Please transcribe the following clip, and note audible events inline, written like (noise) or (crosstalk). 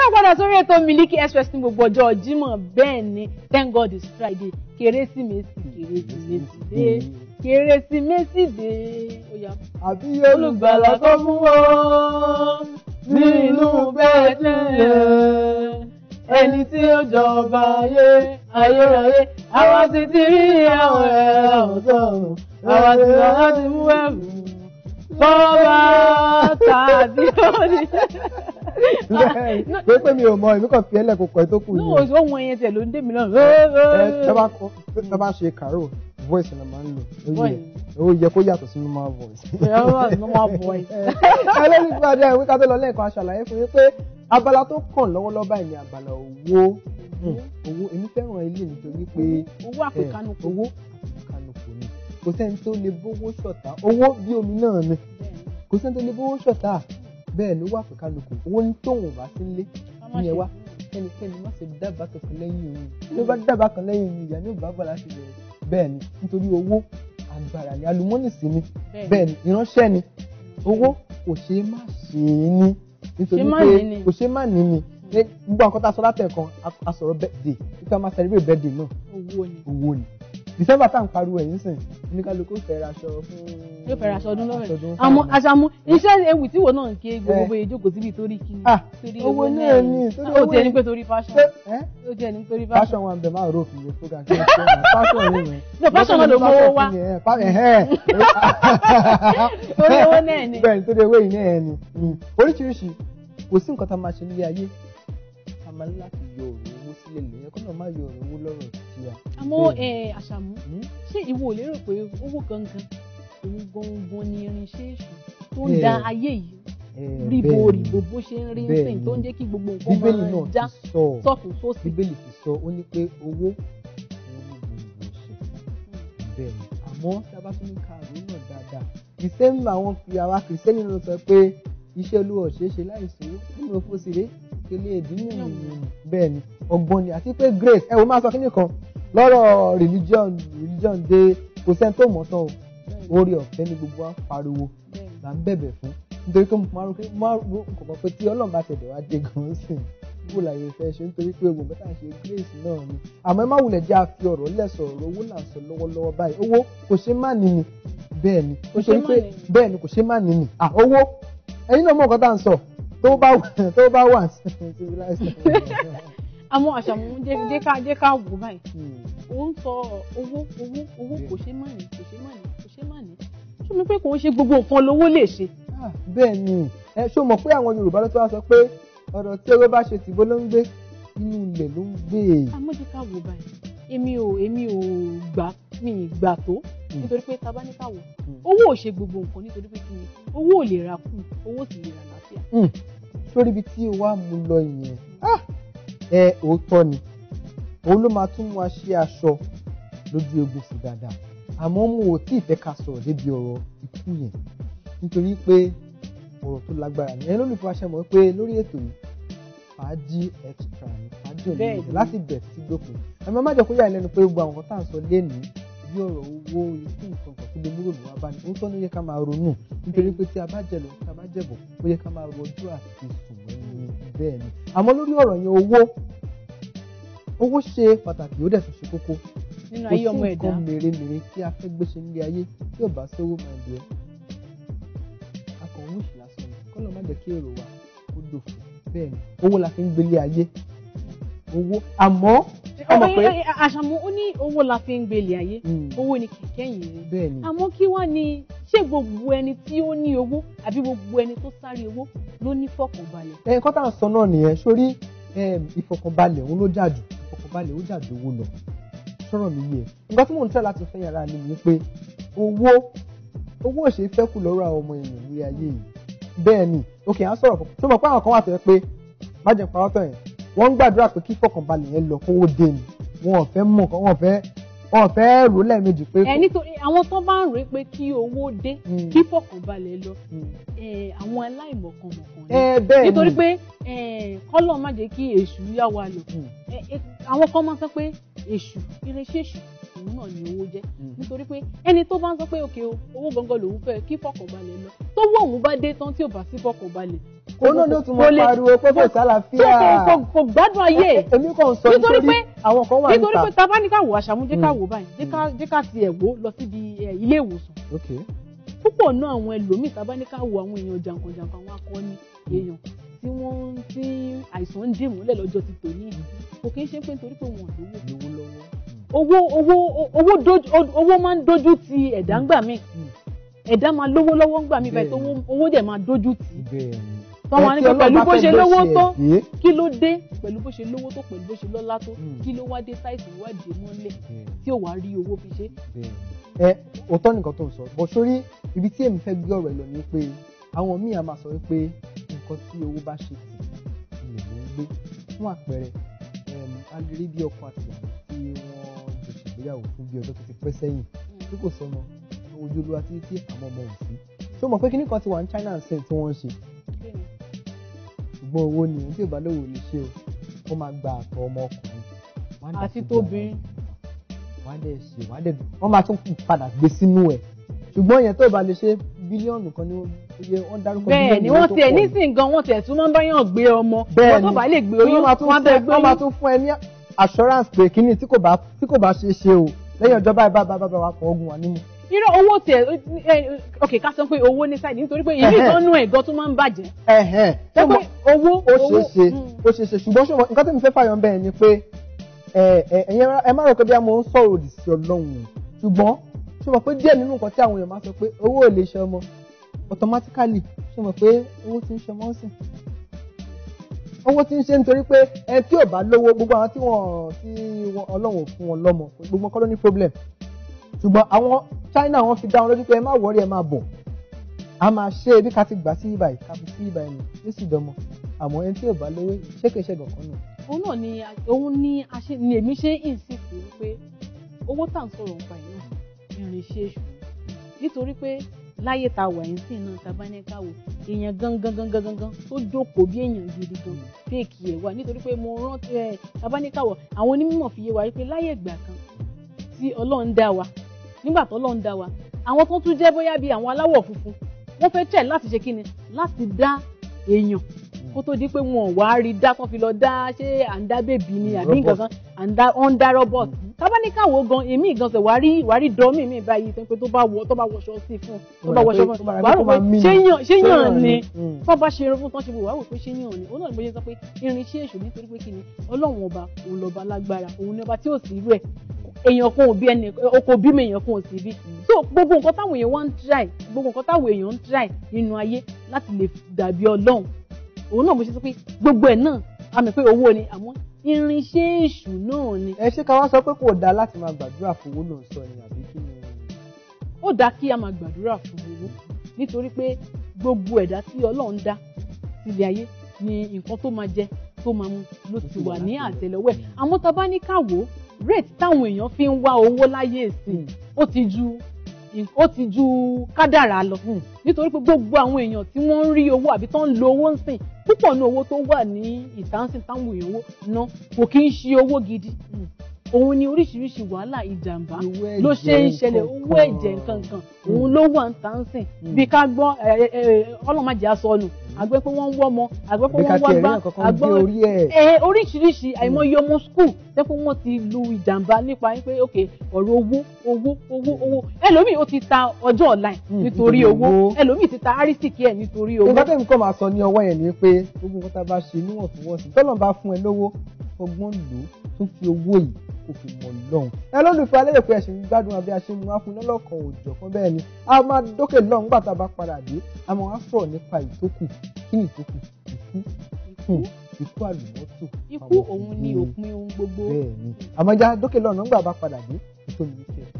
ká padà sórí ètò Miliki Express ní gbogbo ọjọ́ Jímọ̀ bẹ́ẹ̀ ni thank God is Friday kérésìmesì kérésìmesì dé kérésìmesì dé àbí olùgbàlà tó mú wá nínú Bẹ́tílẹ́hẹ́mù ẹni tí ó jọba ayé ayérayé àwa ti ti rí àwọn ẹ̀rọ ọ̀tọ̀ àwa ti rà láti mú ẹ̀rù bọ́ọ̀bà tàbí òní pé pé mi ò mọ èmi kàn fi ẹlẹ kò kọ ẹ tó kù yìí. lóòótọ́ ohun ẹyẹ tẹ̀ ló ń dé mi lọ́rùn. ẹ tọ́ bá ṣe kàró voice la máa ń lò o yẹ kó yàtọ̀ sí normal voice. normal voice. ẹlẹ́yìn fún adé àwọn ìkàtọ́ lọ lẹ́ẹ̀kan aṣàlàyé fún yín pé abala tó kàn lọ́wọ́lọ́wọ́ báyìí ni abala owó owó èmi fẹ́ràn ilé nítorí pé owó àpèkánukò owó àpèkánukò ni kò sẹ́ni tó lè bówó ṣọ̀tá owó bí omi náà ni kò sẹ́ni tó lè bówó ṣọ̀tá bẹ́ẹ̀ ló wà pẹ̀kálukú owó ní tóun bá sí lé ìyẹn wá kẹ́nikẹ́ni má ṣe dábàá kankan lẹ́yìn òun ló bá dábàá kan lẹ́yìn òun ìyá ní òbábà láti bẹ̀rẹ̀ bẹ́ẹ̀ ni nítorí owó agbára ni alumọ́nì sí ni bẹ́ẹ̀ ni ìránṣẹ́ ni owó kò ṣe má ṣe é ní nítorí pé kò ṣe má ní ni gbogbo àkọ́tà sọ látẹ̀ kan a sọ̀rọ̀ birthday nípa máa celebrate birthday náà owó ni owó ni December tá à ń pariwo ẹ̀yìn sìn oníkálukú fẹ́ ra aṣọ fún yóò fẹ́ raṣọ ọdún lọ́rẹ̀ àmọ́ àṣàmú iṣẹ́ ewì tí wò náà ń ké gbogbo eh. bóyá ìjókòó síbi torí kí ni ah, owó náà ni ó jẹ́ ní pé torí fashion ó jẹ́ ní torí fashion. fashion wa bẹ̀ máa rò fìyẹ tó ga kí n ṣe ma fashion yìí rẹ̀ no fashion náà ló mówó wá eh, eh, (laughs) torí owó náà ni bẹ́ẹ̀ nítorí owó yìí náà ni hmm. oríṣiríṣi kò sí nǹkan tá a máa ṣe nílé ayé a máa ń láti yọ òun owó sílẹ̀ lẹ́yìn kọ́nà máa yọ òun owó lọ́rọ̀ sí i. àmọ́ àṣàmú hmm? ṣé ìwọ lérò pé owó gangan òun gangan ni irinṣẹ́ èṣù tó ń eh, da ayé yìí eh, ríbo ríbo bó ṣe ń rí nsìn tó ń jẹ́ kí gbogbo nǹkan máa já sọ́tún sósì. bíbélì ti sọ ó ní pé owó òun ni gbogbo ṣe bẹ́ẹ̀ ni àmọ́ sábà tún ká àrùn náà dáadáa ìsẹ́nu àwọn àwa kìrìsẹ́nì ló sọ pé iṣẹ́ olúwa ṣeé ṣe nínú òfò ìpele ìdínú bẹ́ẹ̀ ni ọgbọ́n ni àti pé grace ẹ wò máa sọ kí nìkan lọ́rọ̀ religion religion de kò sẹ́ni tó mọ̀ tán o orí ọ̀fẹ́ ni gbogbo wa pariwo là ń bẹ̀bẹ̀ fún nítorí pé mo máa rò pé mo máa rò kò mọ̀ pé tí ọlọ́run bá tẹ̀lé wá dé gan-an sí i wò láyé fẹ́ ṣe nítorí pé ogun bẹ́tà ṣe grace náà ni àmọ́ ẹ má wulẹ̀ jẹ́ àfi ọ̀rọ̀ lẹ́sọ̀ ọ̀rọ̀ owó là ń sọ lọ́wọ́lọ́wọ́ báyìí owó kò ṣe má ní ni bẹ́ẹ̀ ni kò ṣe pé bẹ́ẹ̀ ni kò ṣe má ní ni à owó ẹ̀yin náà mọ̀ nǹkan tá à ń sọ tó bá tó bá wà civilized (laughs) àmọ́ àṣàmù jẹ́ ká wò báyìí hmm. ó ń sọ owó owó owó kò ṣe má ní kò ṣe má ní ṣe má ní ṣé mi pé kò ń ṣe gbogbo nǹkan lówó lè ṣe. Ah, bẹ́ẹ̀ ni ẹ ṣó mọ̀ pé àwọn yorùbá ló tó wá sọ pé ọ̀rọ̀ tí ewé bá ṣe tìbó ló ń gbé inú ilẹ̀ ló ń gbé. àmọ́ jẹ́ ká wò báyìí èmi ò èmi ò gbà mi gbà tó hmm. nítorí pé tá bá ní káwọ hmm. owó ò ṣe gbogbo nǹkan nítorí pé kí ni owó ò lè ra kù owó sì lè ra láfíà. Hmm. sórí ibi tí o wá mú lọ ìyẹn ah! ẹ òótọ́ ni òun ló máa tún mú wa ṣe aṣọ lójú egbò dáadáa àmọ́ mo ò tí ì fẹ́ ká sọ̀rọ̀ débi ọ̀rọ̀ ikú yẹn nítorí pé ọ̀rọ̀ tó lágbára ni ẹni lólùfẹ́ aṣẹ́ mọ̀ pé lórí ètò yìí fàájì extra ni fàájì ọ̀lẹ́yìn láti bẹ̀rẹ̀ sí gbòkun ẹ̀mọ́ má jẹ́ kó yà lẹ́nu pé gbogbo àwọn tá à ń sọ lénìí bí ọ̀rọ̀ owó ikú nǹkan kan tó lè múrò lọ́wọ́ bá ní nǹkan ló yẹ ká máa ronú nítorí pé tí a bá jẹ lọ tí a bá jẹ̀bọ̀ ó yẹ ká máa rọjú àti sùn ẹni bẹ́ẹ̀ ni àmọ́ lórí ọ̀rọ̀ yẹn owó owó ṣe pàtàkì ó dẹ̀ tún ṣe kókó nínú ayé ọmọ ẹ̀dá. kò sí nǹkan mèremère tí a fẹ́ gbé ṣe nílé ayé tí ò bá sówó máa jẹ. akọ̀wé oṣù lásán ni kọ́lọ́ má jẹ́ kí èrò wa kó dòfò bẹ́ẹ̀ ni owó la fi ń gbélé ayé owó àmọ́ ọmọ pé. àṣàmù ó ní owó la fi ń gbélé ayé hmm. owó ni kẹ̀kẹ́ yìí rẹ̀ àmọ́ kí wá ni ṣé gbogbo ẹni tí ó ní owó àbí gbogbo ẹni tó sáré owó ló ní fọkànbalẹ̀. ẹ kọ́tà sọ náà nìyẹn sórí ìfọkànbalẹ̀ òun ló jà jù ìfọkànbalẹ̀ ó jà jù owó lọ sọ̀rọ̀ mi yẹ nǹkan tí mò ń tẹ̀ láti fẹ́ yàrá mi ni pé owó owó ò ṣe fẹ́ kù lọ́rọ̀ àwọn ọmọ èèyàn ní ayé yìí bẹ́ẹ̀ ni òkè à ń sọ̀rọ̀ tó mọ̀ pé àwọn kan wà tó yẹ pé má jẹun parọ́ tọ̀ yẹn wọ́n ń gbàdúrà pé kí fọkànbalẹ̀ yẹn lọ kówó dé ni wọn ò fẹ́ mọ̀ wọn ò fẹ́ wọn ò fẹ́ rò lẹ́ẹ̀mejì pé. ẹ nítorí àwọn tó bá ń rèé pé kí owó dé hmm. kí fọkànbalẹ̀ lọ hmm. àwọn aláìmọ̀kànmọ̀kàn ni nítorí pé kọ́lọ̀ má jẹ́ kí èṣù yá wa lò hmm. àwọn kan máa sọ pé èṣù irinṣẹ́ èṣù òun náà ni owó jẹ́ hmm. nítorí pé ẹni tó bá ń sọ pé òkè owó gangan lòun fẹ́ kí fọkànbalẹ̀ lọ tó wọ òun bá dé tán tí ò bá sí fọkànbalẹ̀ òun náà tún mọ pariwo pé kò sálàáfíà kò gbádùn ayé èmi kò ń sọ nítorí àwọn kan wà níta nítorí pé tabá ní ká wò àṣàmú jẹ́ ká hmm. wò báyìí jẹ́ ká tiẹ̀ wò lọ síbi ilé ìwòsàn púpọ̀ náà àwọn ẹlòmíì tabá ní ká wò àwọn èèyàn jàǹkànjàǹkàn àwọn akọni èèyàn tí wọ́n ti àìsàn ń dìmú lẹ́lọ́jọ́ ti tò ní ìdí kò kí n ṣe pé nítorí pé wọn ò lówó lọ́wọ́ owó owó owó owó máa ń dojú ti ẹ̀dá ńgbà mi ẹ̀dá máa lówó lọ́wọ́ ńgbà mi bẹ́ẹ̀ tó owó dẹ̀ máa dojú tì í tọ́wọ́n ní pẹ̀lú bó ṣe lówó tó kí ló dé pẹ̀lú bó ṣe lówó tó pẹ̀lú bó ṣe lọ́lá tó hmm. kí ló wá dé sáìsì ìwádìí mọ́lẹ̀ tí ò wá rí owó fi ṣe. ẹ òótọ́ nìkan tó ń sọ bó sórí ibi tí èmi fẹ́ gbé ọ̀rọ̀ lọ ni pé àwọn míì á máa sọ wípé nǹkan tí owó bá ṣe tì í lè mú gbé fún àpẹẹrẹ a lè rí bí ọkọ àtìyà tí wọ́n jọ ṣègbéyàwó fún bí ọjọ́ tó ti pẹ́ sẹ́yìn mm. tí kò sọnà ojú olúwa títí tí àwọn ọmọ ò sí ṣé o mọ̀ pé kíní kan ti wà ní China ń sìn tí wọ́n ń ṣe ṣùgbọ́n owó ni ohun tí ìbálòwò lè ṣe o wọ́n máa gba àtọ̀ ọmọ ọkùnrin àti tóbìnrin wọ́n á dẹ̀ ṣe wọ́n á dẹ̀ wọ́n máa tún padà gbé sínú ẹ̀ ṣùgbọ́n ìyẹn tó bá lè ṣe bílíọ̀nù kan ni oye wọ́n dárúkọ bílíọ̀nù tó pọ̀ bẹ́ẹ̀ ni wọ́n tiẹ̀ nísìnyí gan wọ́n tiẹ̀ tún máa ń bá yàn gbé ọmọ bẹ́ẹ̀ ni wọ́n tó bá lè gbé oyún wọ́n bẹ́ẹ̀ gbé oyún. wọ́n máa tún fún ẹ ní assurance pé kíní tí kò bá tí kò bá ṣe é ṣe o lẹ́yìn ọjọ́ báyìí bá bá bá wa pọ̀ ogun wà nímú. irọ́ owó tiẹ̀ eh, eh, ok ká sọ pé owó ní sáìdì nítorí pé ìlú ìtọ́nú ẹ̀ gan tó máa ń bàjẹ́. owó ó ṣeé ṣe mm. ó ṣeé ṣe ṣùgbọ́n ṣùgbọ́n nǹkan tó mi fẹ́ fàyọ̀ bẹ́ẹ̀ ni pé ẹ má rò pé bí a mọ̀ ń sọ̀rọ̀ òdì sí Ọlọ́run ṣùgbọ́n ṣé mo pé díẹ̀ nínú nǹkan tí àwọn èèyàn máa sọ pé owó ò lè ṣe ọmọ automatically ṣé mo pé owó ti ń ṣe ọmọ sìn owó ti ń ṣe nítorí pé ẹ tí ò bá lówó gbogbo àwọn tí wọn tí ọlọ́run fún wọn lọ́mọ gbogbo kọ́ ló ní problem ṣùgbọ́n àwọn China wọn fi dá wọn lójú pé ẹ má wọrí ẹ má bọ̀ a máa ṣe bí ká ti sí ibà yìí ká sí ibà yìí yóò sì dánmọ àmọ́ ẹni tí ò bá lówó ṣé kìí ṣe òun náà ni òun ni èmi ṣe insist wípé owó tá ń sọ̀rọ̀ nípa yìí náà irinṣẹ́ èṣù nítorí pé láyé ta wà ń sìn náà tabaníkà wò èèyàn gangan gangan gangan tó jókòó bí èèyàn gidi gan fèèkì ẹ̀ wà nítorí pé mo rántí ẹ tabaníkà wọ̀ àwọn onímọ̀ fi yé wa wípé láyé ìgbà kan tí ọlọ́run dá wa nígbà tó ọlọ́run dá wa àwọn tó tún jẹ́ bóyá bíi àwọn aláwọ̀ funfun wọ́n fẹ́ tẹ̀ láti ṣe kí ni láti dá èèyàn kó tó di pé wọn ò wá rí dá kán fi lọ dá ṣé à ń dá bèbí ni àbí nǹkan kan à ń dá robot tábà ní káwọ gan èmi gan sẹ wàá rí wàá rí dọ́mì mi báyìí tó ń tó bá wọ tó bá wọṣọ sí fún tó bá wọṣọ fún wàá rò pé ṣé yàn ni tó bá ṣe irun fún tán ṣe wàá rò pé ṣé yàn ni òun náà gbọ́dọ̀ sọ pé irinṣẹ́ èṣù nítorí pé kí ni ọlọ́run ọba òun lọ́ba lágbára òun ní ọba tí ò sí rú ẹ̀ èèyàn kan ò bí ẹni oko bí mi èèyàn kan ò sì bí so gbogbo nǹkan táwọn èèyàn wá ń try gbogbo nǹkan táwọn èèyàn ń try nínú ayé láti lè dàbí ọlọ́run òun náà mo ṣe sọ pé gbogbo ẹ̀ náà àmì pé owó ni àmọ́ irinṣẹ́ èṣù náà ni. ẹ ṣé ká wá sọ pé kò dáa láti máa gbàdúrà fún owó ló ń sọ ni àbí kí ni. ó dáa kí a máa gbàdúrà fún owó nítorí pé gbogbo ẹ̀dá tí ọlọ́run dá sílẹ̀ ayé ni nǹkan tó máa jẹ tó máa mu ló ti wà ní àtẹ́lẹwọ́ àmọ́ tá a bá ní ká wò ó rate táwọn èèyàn fi ń wá owó láyé sí hmm. ó ti ju ó ti ju kádàrá lọ hmm. nítorí pé gbogbo àwọn èèyàn tí wọ́n ń rí owó àbí tó ń lo owó ń sìn púpọ̀ ní owó tó wà ní ìtànsìn táwọn èèyàn ná kò kí ń ṣe owó gidi hmm. òun ni oríṣiríṣi wàhálà ìjàmbá ló ṣe ń ṣẹlẹ̀ owó ẹ̀jẹ̀ nǹkan kan òun ló wà ń tànsìn hmm. bí ká gbọ́ ọlọ́màjẹ́ aṣọ nù àgbẹ̀ pé wọ́n ń wọ́ ọmọ àgbẹ̀ pé wọ́n ń wá gbá àgbọ̀ ẹ oríṣiríṣi àìmọye ọmọ skul tẹ́pọ̀ wọ́n ti lu ìjàmbá nípa pé ok ọ̀rọ̀ owó owó owó owó ẹlòmíì ó ti ta ọjọ́ ọ̀la hmm, nítorí owó ẹlòmíì ti ta àrísìkí ẹ̀ nítorí owó. ìgbà tẹ́mi kọ́ máa sọ ní ọwọ́ yẹn ni pé gbogbo nǹkan tá a bá ṣe níwọ̀ntúnwọ̀nsì tọ́lọ́ bá kò fi mọ̀ lọ́hùn. ẹ lólùfẹ́ alẹ́ pé ẹ̀sìn gbádùn àbí aṣẹ́mu wá fún lọ́lọ́kan òòjọ́ kan bẹ́ẹ̀ ni a máa dókè lọ́hùn nígbà tá a bá padà dé a máa wá sọ̀rọ̀ nípa ìtókù kí ni ìtókù ìkú ìkú àlùmọ́tò. ikú òun ni òpin ohun gbogbo. bẹ́ẹ̀ ni àmọ́já dókè lọ́hùn nígbà bá padà dé ètò mi